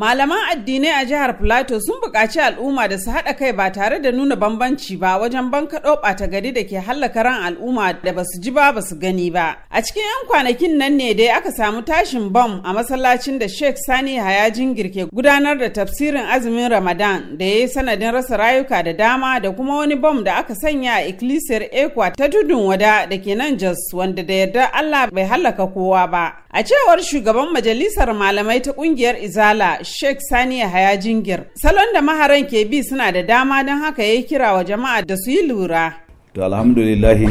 Malaman addinai a jihar Filato sun buƙaci al'umma da su haɗa kai ba tare da nuna bambanci ba wajen bankaɗo ɓata gari da ke hallaka ran al'umma da ba su ji ba ba su gani ba. A cikin 'yan kwanakin nan ne dai aka samu tashin bom a masallacin da Sheikh Sani Hayajin girke gudanar da tafsirin azumin Ramadan da ya yi sanadin rasa rayuka da dama da kuma wani bom da aka sanya a ikilisiyar Ekwa ta tudun wada da ke nan Jos wanda da yarda Allah bai hallaka kowa ba. A cewar shugaban majalisar malamai ta ƙungiyar Izala Sheikh Sani Yahaya Jingir. Salon da maharan ke bi suna da dama don haka ya kira wa jama'a da su yi lura. To alhamdulillahi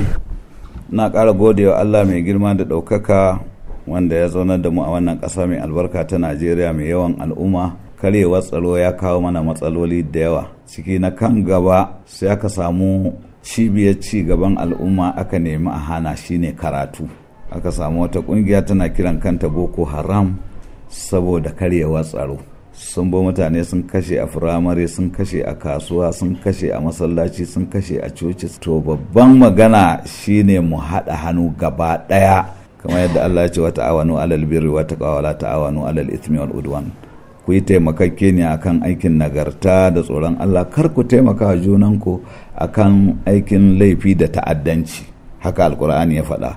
na kara gode wa Allah mai girma da ɗaukaka wanda ya zaunar da mu a wannan ƙasa mai albarka ta Najeriya mai yawan al'umma. Karyewar tsaro ya kawo mana matsaloli da yawa. Ciki na kan gaba sai aka samu cibiyar ci gaban al'umma aka nemi a hana shine karatu. Aka samu wata ƙungiya tana kiran kanta Boko Haram saboda karyewa tsaro sun bo mutane sun kashe a firamare sun kashe a kasuwa sun kashe a masallaci sun kashe a coci to babban magana shine mu haɗa hannu gaba ɗaya kamar yadda Allah ya ce wata awanu alal birri kawala ta awanu alal ithmi wal udwan ku yi taimakakke ne akan aikin nagarta da tsoron Allah kar ku taimaka junanku akan aikin laifi da ta'addanci haka alkur'ani ya faɗa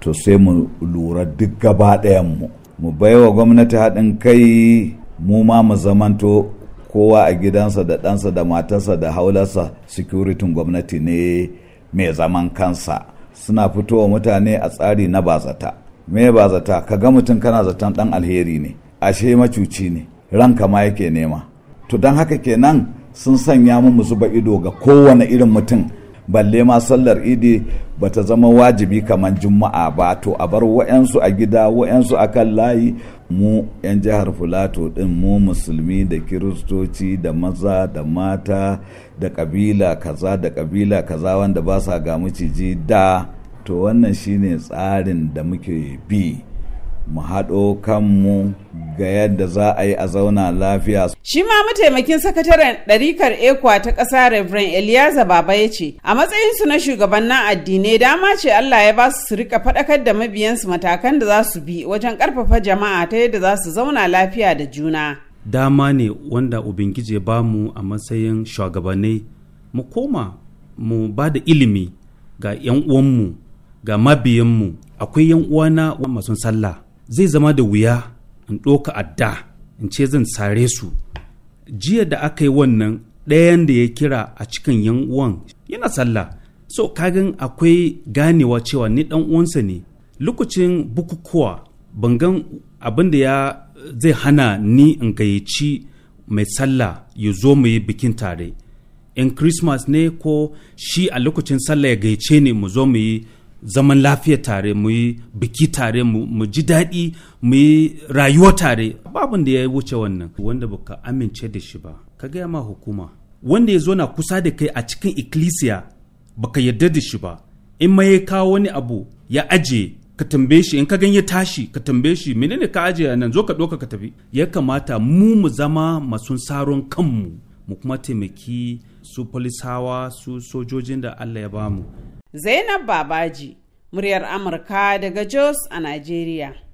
to sai mu lura duk gaba ɗayan mu mu baiwa gwamnati haɗin kai mu ma mu zamanto kowa a gidansa da ɗansa da matarsa da haularsa sikuritin gwamnati ne mai zaman kansa suna fitowa mutane a tsari na bazata me bazata ka ga mutum kana zaton ɗan alheri ne ashe macuci ne ranka ma yake nema to don haka kenan sun sanya mu zuba ido ga kowane irin mutum balle ma sallar idi ba ta zama wajibi kamar juma'a ba to a bar wa'yansu a gida wa'yansu a kan layi mu 'yan jihar fulato din mu musulmi da kiristoci da maza da mata da kabila kaza da kabila kaza wanda ba sa ga maciji da to wannan shine tsarin da muke bi mu haɗo kanmu ga yadda za a yi a zauna lafiya. Shi ma mataimakin sakataren ɗarikar ekwa ta ƙasa Reverend Eliyaza Baba ya ce, a matsayinsu na shugabannin addinai dama ce Allah ya ba su rika faɗakar da mabiyansu matakan da za su bi wajen ƙarfafa jama'a ta yadda za su zauna lafiya da juna. Dama ne wanda Ubangiji ba mu a matsayin shugabannai mu koma mu ba da ilimi ga 'yan uwanmu ga mabiyanmu akwai 'yan uwana masu sallah zai zama da wuya in ɗoka adda in ce zan sare su jiya da aka yi wannan ɗayan da ya kira a cikin yan uwan yana sallah so kagan akwai ganewa cewa ni ɗan uwansa ne lokacin bukukuwa bangan abin da ya zai hana ni in gayyaci mai sallah ya zo mu yi bikin tare in christmas ne ko shi a lokacin sallah ya gayyace ni mu zo mu yi zaman lafiya tare mu yi biki tare mu ji daɗi mu yi rayuwa tare babin da ya wuce wannan wanda baka amince da shi ba ka gaya ma hukuma wanda ya zo na kusa da kai a cikin ikkilisiya baka yarda da shi ba in ma ya kawo wani abu ya aje ka tambaye shi in ka gan ya tashi ka tambaye shi menene ka aje nan zo ka ɗauka ka tafi ya kamata mu mu zama masu saron kanmu mu kuma taimaki su polisawa su sojojin da Allah ya bamu Zainab Babaji, muryar Amurka daga Jos a Najeriya.